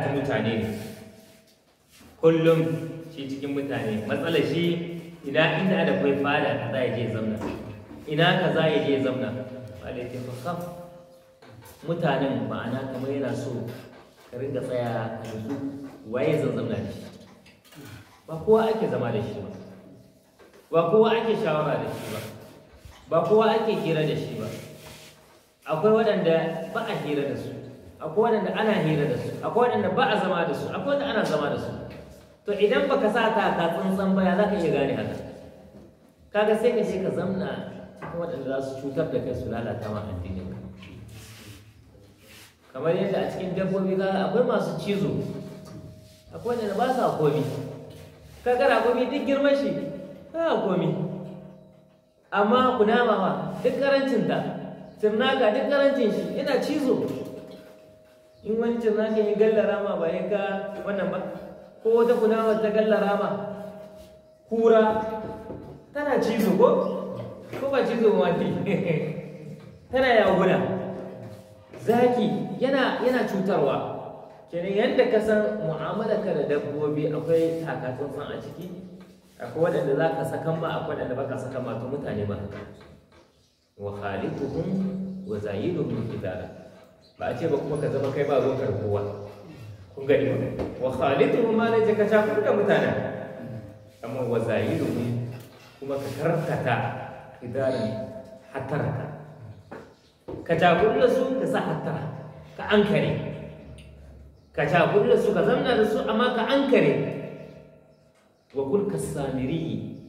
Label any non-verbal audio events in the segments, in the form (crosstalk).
ta mutane ne kullum shi cikin mutane matsala shi ina inda da kwai fada ka za ya je zamna ina ka za ya je zamna ba alaiti fasaf mutanen ma'ana kamar yana so ka ringa tsaya ka nutsu waye zan zamna da shi ba kowa ake zama da shi ba ba kowa ake shawara da shi ba ba kowa ake hira da shi ba akwai waɗanda ba a hira da su akwai wadanda ana hira da su akwai wadanda ba a zama da su akwai wadanda ana zama da su to idan baka sa ta ka tsantsan ba za ka iya gane haka kaga sai ka je ka zamna cikin wadanda za su cutar da kai su lalata ma addinin ka kamar yadda a cikin dabbobi ka akwai masu cizo akwai wadanda ba sa komi kaga ragomi duk girman shi ba komi amma kunama ma duk karancin ta cirnaka duk karancin shi ina cizo in wancan za ka yi galla rama ba ya ka wannan ba ko wata kuna ta galla rama kura tana cizo ko ko ba cizo ma ke (laughs) tana yaguna zaki yana yana cutarwa kenan yadda ka san ka da dabbobi akwai takatun san a ciki akwai waɗanda za ka sakan ma akwai waɗanda ba ka sakan ma to mutane ba wa khaliquhum wa zayyiduhum idara ba a ce ba kuma ka zama kai ba ruwan karkowa kun gani ba wa khalidu ma la jaka shafar da mutane amma wa zayidu kuma ka karkata idan hatarka ka takurla su ka sa hatara ka ankare ka takurla su ka zamna da su amma ka ankare wa kun kasamiri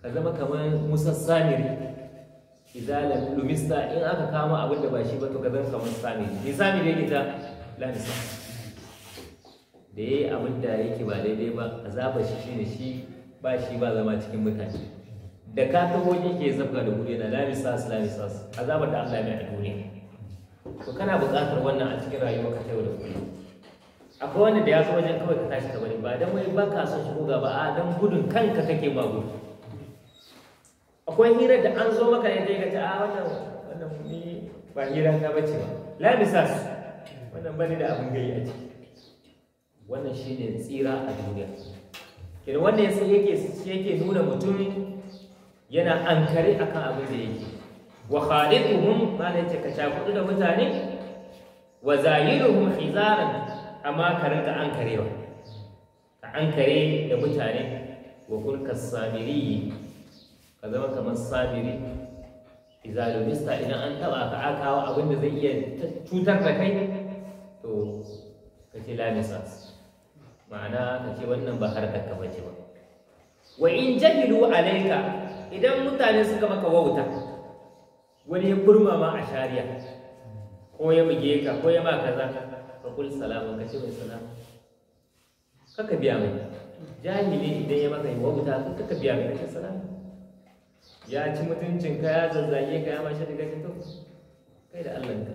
ka zama kamar musa samiri izala lumista in aka kama abin da ba shi ba to ka zanka kamar sami ni sami da yake ta lamisa da ya yi abin da yake ba daidai ba azaba shi shine shi ba shi ba zama cikin mutane da ka taho yake zafka da gudu yana lamisa su lamisa su azabar da Allah mai a duniya to kana buƙatar wannan a cikin rayuwa ka yau da kullum akwai wanda da ya so wajen kawai ka tashi ka bari ba dan wai ba ka son shi ba a dan gudun kanka kake ba gudu akwai hirar da an zo maka ne dai ga ta ah, wannan wannan ni ba hirar ka bace ba la misas wannan bane da abin gayi a ciki wannan shine tsira a duniya kenan wannan yasa yake yake nuna mutum yana ankare akan abin da yake wa khaliquhum ma la yakata kudu da mutane wa zayiruhum khizaran amma ka rinka ankarewa ka ankare da mutane wa kun kasabiri ka zama kamar sabiri izalomista idan an taba ka akawa abin da zai iya cutar da kai to ka ce lamisa ma'ana ka ce wannan ba harkar ka bace ba wa in jahilu alaika idan mutane suka maka wauta wani ya burma ma a shari'a ko ya buge ka ko ya ma kaza ka kul salamu ka ce mai salamu kaka biya mai jahili idan ya maka wauta kaka biya mai kace salamu ya ci mutuncin ka ya zazzage ka ya mashi daga shi to kai da Allah ka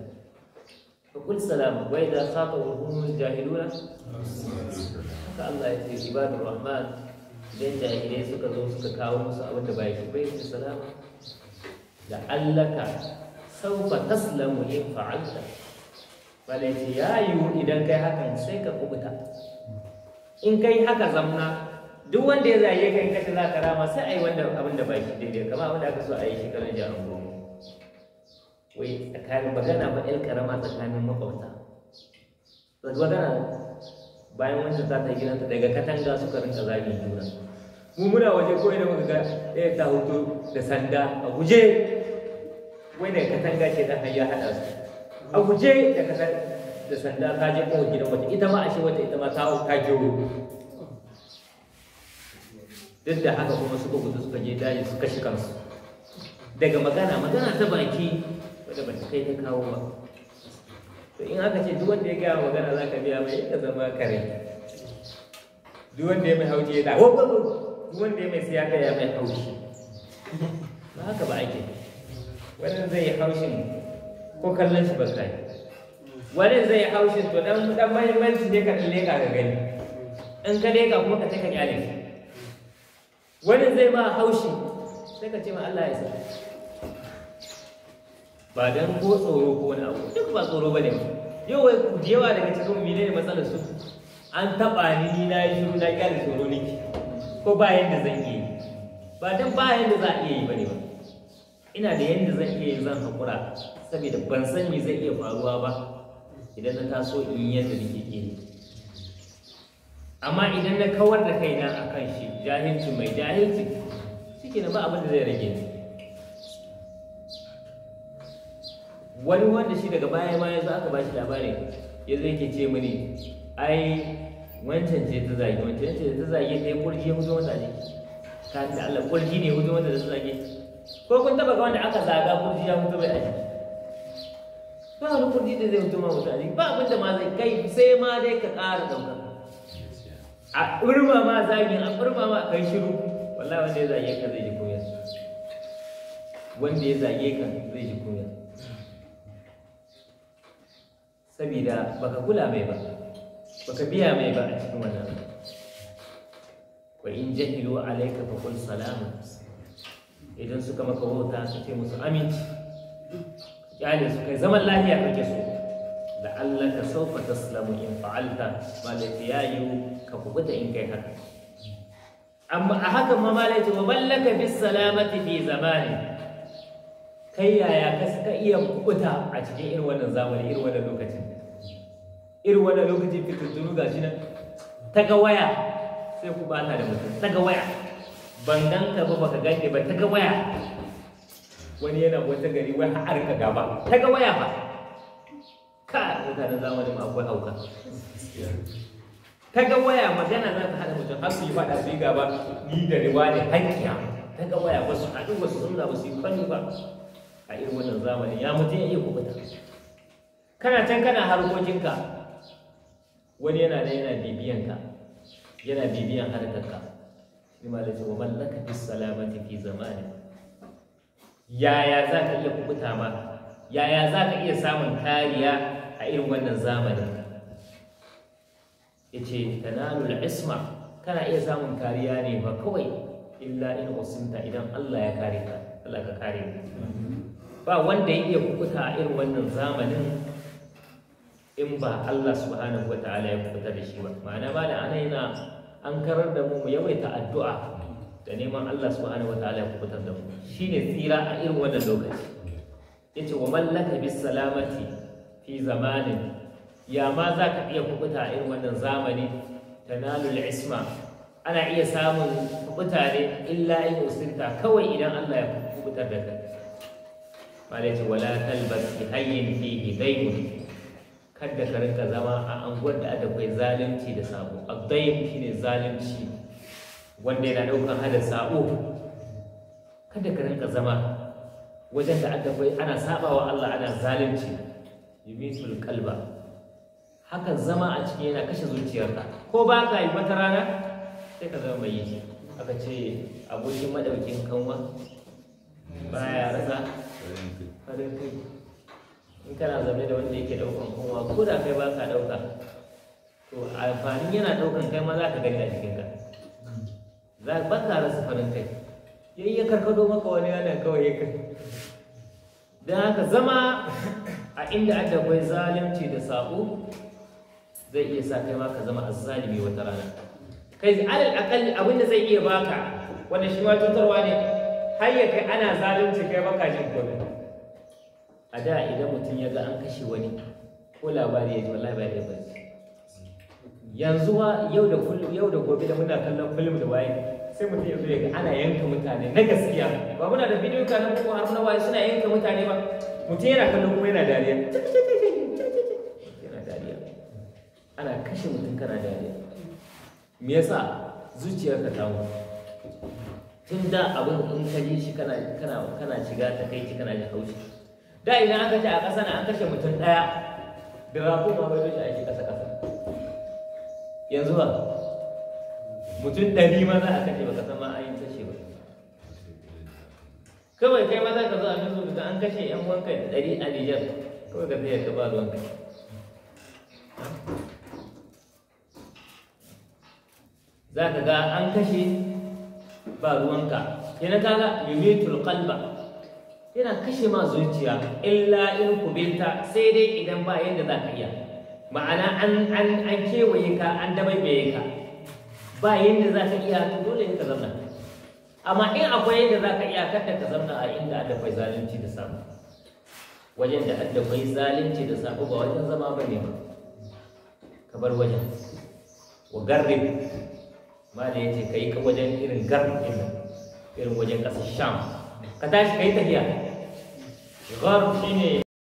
fa kul salam wa idza jahiluna ka Allah ya ce ibadur rahman idan jahilai suka zo suka kawo musu abin da bai bai su salama da allaka saufa taslamu in fa'alta bale ya yi idan kai hakan sai ka kubuta in kai haka zamna duk wanda ya zage ka in za ka rama sai ai wanda abin da baki daidai kamar abin da aka so a yi shekarun jihar goma wai tsakanin magana ba ƴar karama tsakanin makwabta magana bayan wancan za ta yi gidanta daga katanga suka rinka zagi juna mu muna waje ko ina muka ga ɗaya eh, ta hoto da sanda a guje wai daga katanga ce dan hayya haɗa su a guje da da sanda ta je kowa gidan wata ita ma a shi wata ita ma ta ta gero duk da haka kuma suka gudu suka je daji suka shi kansu daga magana magana ta baki wadda ba ta kai ta kawo ba to in aka ce duk wanda ya gaya magana za ka biya mai yadda zama kare duk wanda ya mai hauji ya da duk wanda ya mai siyaka ya mai haushi ba haka ba ake Wani zai yi haushin ko kallon shi ba kai wani zai yi haushin to dan dan mahimmanci ne ka kalle ka gani in ka leka kuma ka take kyale shi wani zai ma haushi sai ka ce ma Allah ya sani ba dan ko tsoro ko wani abu duk ba tsoro bane yau wai ku jewa daga cikin mene ne matsalar su an taba ni ni na yi shiru na kyale tsoro ne ko ba yanda zan iya yi ba dan ba yanda za a iya yi bane ba ina da yanda zan iya yi zan hakura saboda ban san me zai iya faruwa ba idan na taso in yadda nake iya yi amma idan na kawar da kaina a kan shi jahilci mai jahilci shi na ba abin da zai rage ni wani wanda shi daga baya ma yanzu aka bashi labarin ya zai ke ce mini ai wancan ce ta zage wancan ce ta zage ta yi kurji ya huzo mata ne ta da Allah kurji ne huzo mata da ta zage ko kun taba ga wanda aka zaga kurji ya huzo mai a jiki ba wani kurji da zai huzo mata ne ba abin da ma zai kai sai ma dai ka ƙara ɗaukar a ɓurma ma zagin a ɓurma ma kai shiru wallahi wanda ya zage ka zai ji kunya wanda ya zage ka zai ji kunya saboda baka kula mai ba baka biya mai ba a cikin wannan wa in jahilu alayka fa qul salama. idan suka maka wauta su ce musu aminci kyale su kai zaman lafiya kake so la'allaka sawfa taslamu in fa'alta malaka ya yiwu ka kubuta in kai haka amma a haka ma malaka wa ballaka bis salamati fi zamani kai yaya ka iya kubuta a cikin irin wannan zamani irin wannan lokacin irin wannan lokacin fitintunu gashi nan ta ga waya sai ku bata da mutum ta ga waya ban ganka ba baka gane ba ta ga waya wani yana wata gari wai har ka gaba ta ga waya ba ka da zamanin akwai auka ta ga waya magana za ta hada mutum har su yi fada su yi gaba ni da riwa ne hankiya ta ga waya wasu haɗu wasu sunna ba su yi kwani ba a irin wannan zamanin ya mutum ya iya kubuta kana can kana harkokinka wani yana da yana bibiyan ka yana bibiyan harkarka ni malaci wa mallaka fi salamati fi zamani yaya za ka iya kubuta ma yaya za ka iya samun kariya a irin wannan zamanin ya ce tanalul isma kana iya samun kariya ne ba kawai illa in usinta idan Allah ya kare ka Allah ka kare ka ba wanda ya iya kukuta a irin wannan zamanin in ba Allah subhanahu wa ta'ala ya kukuta da shi ba ma'ana ba da ana yana an karar da mu mu yawaita addu'a da neman Allah subhanahu wa ta'ala ya kukuta da mu shine tsira a irin wannan lokaci yace wa mallaka bis salamati fi zamanin ya ma za ka iya kubuta a irin wannan zamani tanalul isma ana iya samun kubuta ne illa in usirta kawai idan Allah ya kubutar da kai malaci wala talbas bi hayyin fi hidayu kada ka rinka zama a anguwar da aka kai zalunci da sabo adayim shine zalunci wanda yana daukan hada sabo kada ka rinka zama wajen da aka kai ana sabawa Allah ana zalunci yumitul kalba. hakan zama a cikin yana kashe zuciyarka ko ba ka yi wata rana sai ka zama mai yi aka ce abokin madaukin kanwa baya rasa farin kai in kana zaune da wanda yake daukan kanwa ko da kai ba ka dauka to amfanin yana daukan kai ma za ka gani a jikinka za ka ka rasa farin kai yayi ya karkado maka wani yana kawai ya kai dan haka zama a inda aka bai zalunci da sabo zai iya sa kai ma ka zama azzalimi wata rana kai alal akalli abin da zai iya baka wanda shi ma tutarwa ne har ya kai ana zalunci kai baka jin komai a da idan mutum ya ga an kashe wani ko labari ya ji wallahi ba ya bari yanzu wa yau da kullum yau da gobe da muna kallon kullum da waye sai mutum ya zo ya ga ana yanka mutane na gaskiya ba muna da bidiyo kan kuma har na waye suna yanka mutane ba mutum yana kallon kuma yana dariya yana dariya ana kashe mutum kana dariya me yasa zuciyar ta mu tun da abin in ka shi kana kana kana shiga ta kai ki kana ji haushi da idan aka ce a ƙasa na an kashe mutum ɗaya da rafu ma bai doshi a shi ƙasa ƙasa yanzu ba mutum ɗari ma za a kashe ba ka san ma an yi kashe ba kawai kai ma za ka zo a facebook da an kashe yan wanka da ɗari a nijar kawai ka zai ka ba ruwanka za ka ga an kashe ba ruwanka yana ga yumitul qalba yana kashe ma zuciya illa in kubinta sai dai idan ba yadda za ka iya ma'ana an kewaye ka an dabaibaye ka ba yadda za ka iya dole ka zama amma in akwai yadda za ka iya kada ka zauna a inda akwai zalunci da sabo wajen da hadda akwai zalunci da sabo ba wajen zama ba ne ba ka bar wajen wa garri ma da yace kai ka wajen irin garri din irin wajen kasar sham ka tashi kai tafiya garri shine